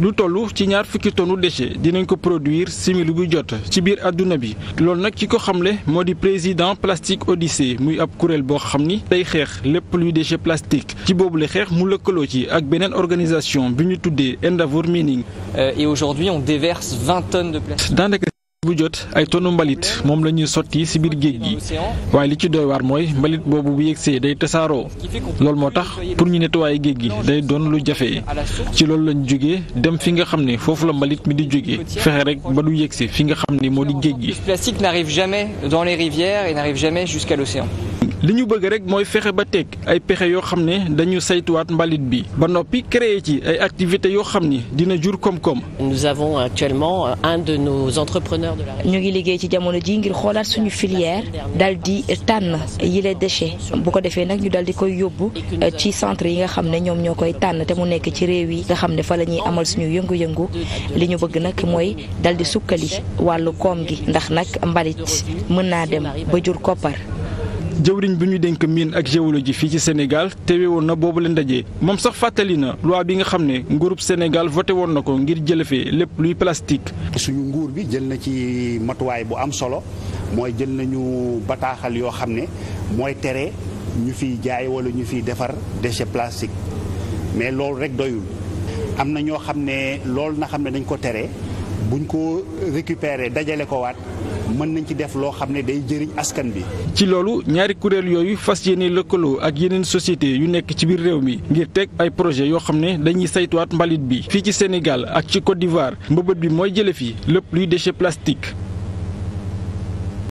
lu toll ci ñaar fukki tonu déchets dinañ ko produire simili buy jot ci biir àdduna bi loolu nag ci ko xamle moo di président Plastique Odyssée muy ab kuréel boo xam ni day xeex lépp luy déchet plastique ci boobu boobule xeex mu lëkkaloo ci ak beneen organisation bi ñu tuddee Endeavour Mining. Euh, et aujourd'hui on déverse vingt tonnes de plastique. bu jot ay moom la ñuy sotti ci biir géej gi waaye li ci doy waar mooy mbalit boobu bu yegsee day tasaaroo loolu moo tax pour ñu nettoyer géej gi day doon lu jafe ci loolu lañ jógee dem fi nga xam ne foofu la mbalit mi di jógee fexe rek ba du yegsi fi nga xam ne moo di géej gi. Le plastique n'arrive jamais dans les rivières li ñu bëgg rek mooy fexe ba teg ay pexe yoo xam ne dañu saytuwaat mbalit bi ba noppi créer ci ay activités yoo xam ni dina jur koom-koom. ñu ngi liggéey ci jamono ji ngir xoolaat suñu filière dal di tànn yile déchets bu ko defee nag ñu dal di koy yóbbu eh, ci centre yi nga xam ne ñoom ñoo koy tànn te mu nekk ci réew yi nga xam ne fa la ñuy amal suñu yëngu-yëngu li ñu bëgg nag mooy dal di sukkali wàllu koom gi ndax nag mbalit mën naa dem ba jur koppar jëwriñ bu ñu denk mine ak géologie fii ci Sénégal teewe woon na boobu leen dajee moom sax fàttali na loi bi nga xam ne nguurub Sénégal voté woon na ko ngir jële fee lépp luy plastique. suñu nguur bi jël na ci matuwaay bu am solo mooy jël nañu bataaxal yoo xam ne mooy tere ñu fiy jaay wala ñu fiy defar déchet plastique mais loolu rek doyul am na ñoo xam ne loolu na xam ne dañ ko tere buñ ko récupérer dajale ko waat. mën nañ ci def loo xam ne day jëriñ askan bi. ci loolu ñaari kuréel yooyu fas yéene lëkkaloo ak yeneen société yu nekk ci biir réew mi ngir teg ay projet yoo xam ne dañuy saytuwaat mbalit bi fii ci Sénégal ak ci Côte d'Ivoire mbëbët bi mooy jële fi lépp luy déchet plastique.